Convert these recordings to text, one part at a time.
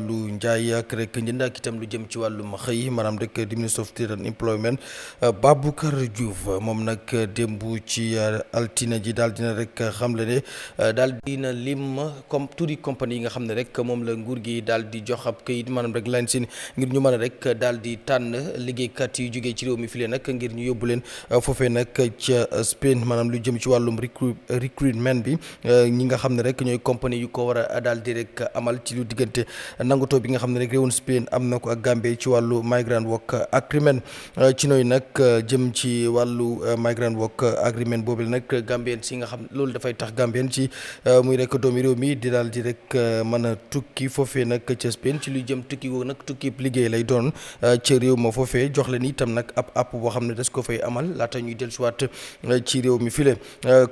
lu njaay ak rek njënd ak itam lu jëm ci wàllum xëy maanaam rek di ministre of trade and employment euh, Baboucar Diouf moom nag démb ci euh, altine ji daal dina rek xamle ne euh, daal dina lim comme turi compagnie yi nga xam ne rek moom la nguur gi daal di jox ab këyit maanaam rek lañ seen ngir ñu mën a rek daal di tànn liggéeykat yu jógee ci réew mi file nag ngir ñu yóbbu leen foofee nag ca Spain maanaam lu jëm ci wàllum recru recruitment bi ñi nga xam ne rek ñooy compagnie yu ko war a daal di rek amal ci diggante nangutoo bi nga xam ne rek réewum Spain am na ko ak Gambie ci wàllu migrant work agreement euh, ci nooy nag euh, jëm ci wàllu euh, migrant work agreement boobu nag Gambien si nga xam loolu dafay tax Gambien ci muy rek réew mi di daal di rek mën a tukki foofee nag ca ci luy jëm tukki nag tukki liggéey lay doon ca réew ma foofee jox leen itam nag ab app boo xam ne des ko fay amal laata ñuy dellusiwaat ci réew mi file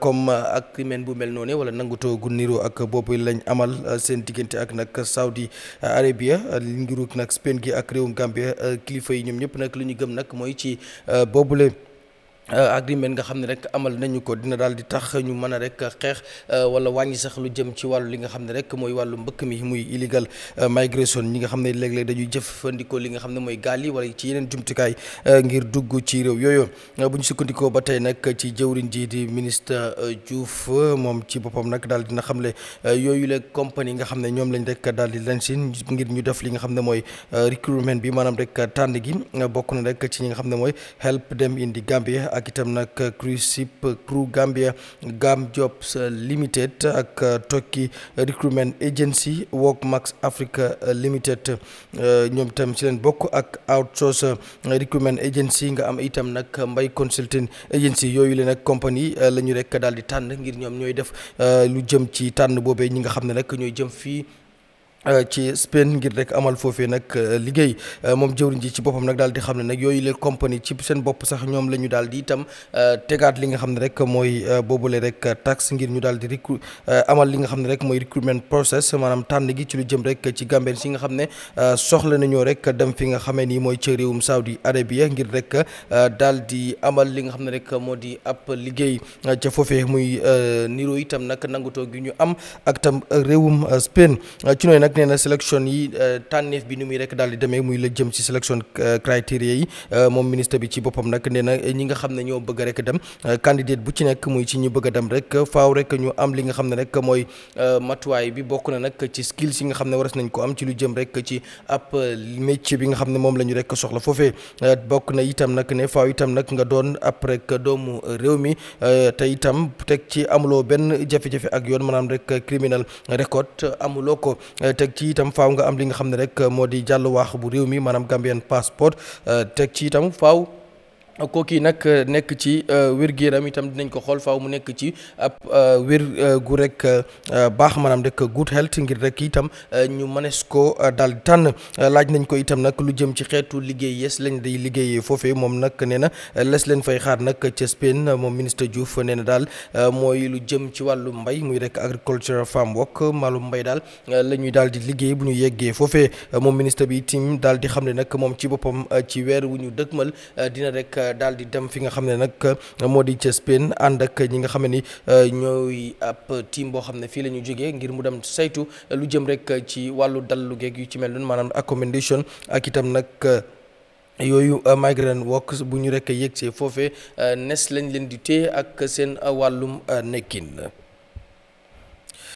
comme agreement bu mel noonu wala nangutoo gu niroo ak boobu lañ amal seen diggante ak nag Saudi Arabia ngiru nag Spain gi ak réewum Gambia kilifa yi ñoom ñëpp nag lu ñu gëm nag mooy ci euh, boobule. Euh, agreement nga xam ne rek amal nañu ko dina daal di tax ñu mën a rek xeex euh, wala wàññi sax lu jëm ci wàll li nga xam ne rek mooy wàllu mbëkk mi muy illegal euh, migration ñi nga xam ne léeg-léeg dañuy jëfandikoo li nga xam ne mooy gaal yi wala ci yeneen jumtukaay ngir dugg ci réew yooyu ñu sukkandikoo ba tey nag ci jëwriñ ji di ministre Diouf moom ci boppam nag daal dina xamle yooyu la compagnie nga xam ne ñoom lañ rek daal di leen si ngir ñu def li nga xam ne mooy recruitment bi maanaam rek tànn gi bokk na rek ci ñi nga xam ne mooy help them in the Gambia ak itam nag cruship Crew Gambia Gam Jobs Limited ak uh, Tokki Recruitment Agency Workmax Africa uh, Limited uh, ñoom itam ci leen bokk ak Outsource Recruitment Agency nga am itam nag Mbay Consulting Agency yooyu leen ak compagnie la ñu rek daal di tànn ngir ñoom ñooy def lu jëm ci tànn boobe ñi nga xam ne nag ñooy jëm fii Euh, ci Spain ngir rek amal foofee nag euh, liggéey euh, moom jëwriñ ji ci boppam nag daal di xam ne nag yooyu la compagnie ci seen bopp sax ñoom la ñu daal di itam tegaat li nga xam ne rek mooy boobule rek taxe ngir ñu di recru amal li nga xam ne rek mooy recruitment process maanaam tànn gi ci lu jëm rek ci gambeen si nga xam ne soxla nañoo rek dem fi nga xamee ni mooy ci réewum Saudi Arabia ngir rek daal di amal li nga xam ne rek moo di ab liggéey ca foofee muy niro itam nag nangutoo gi ñu am ak tam réewum Spain ci nooy nag nag nee na sélection yi euh, tànneef bi ni muy rek daal di demee muy la jëm ci sélection euh, criteria yi euh, moom ministre bi ci boppam nag nee na ñi nga xam ne ñoo bëgg rek dem candidate bu ci nekk muy ci ñu bëgg a dem rek faaw rek ñu am li nga xam ne rek mooy matuwaay bi bokk na nag ci skills yi nga xam ne waras nañ ko am ci lu jëm rek ci ab métier bi nga xam ne moom lañu rekk soxla foofee bokk na itam nag ne faaw itam nag nga doon ab rek doomu réew mi te itam teg ci amuloo benn jafe ak yoon maanaam rek criminal record amuloo ko teg ci itam faaw nga am li nga xam ne rek moo di jàlluwaax bu réew mi maanaam Gambian passport teg ci itam faaw. kooku nag euh, nekk ci euh, wér-gu yaram itam dinañ ko xool faw mu nekk ci ab euh, wér gu rek baax maanaam rek good health ngir rek itam ñu mënees ko daal tànn laaj nañ ko itam nag lu jëm ci xeetu liggéey yes lañ di liggéey foofee moom nag nee na les leen fay xaar nag ca Spain moom ministre Diouf nee na daal mooy lu jëm ci wàllu mbay muy rek agriculture farm work maalum mbay daal la ñuy daal di liggéey bu ñu yeggee foofee moom ministre bi itam daal di xam ne nag moom ci boppam ci weer wu ñu dëgmal dina rek. daal di dem fi nga xam ne nag uh, moo di ca Spain ànd ak ñi nga xam ne ni uh, ñooy ab team boo xam ne fii la ñu jógee ngir mu dem saytu lu jëm rek ci wàllu dallu geeg yu ci mel noonu maanaam accommodation ak itam nag. Uh, yooyu migrant workers bu ñu rek yegg see foofe nes lañ leen di téye ak seen wàllum nekkin.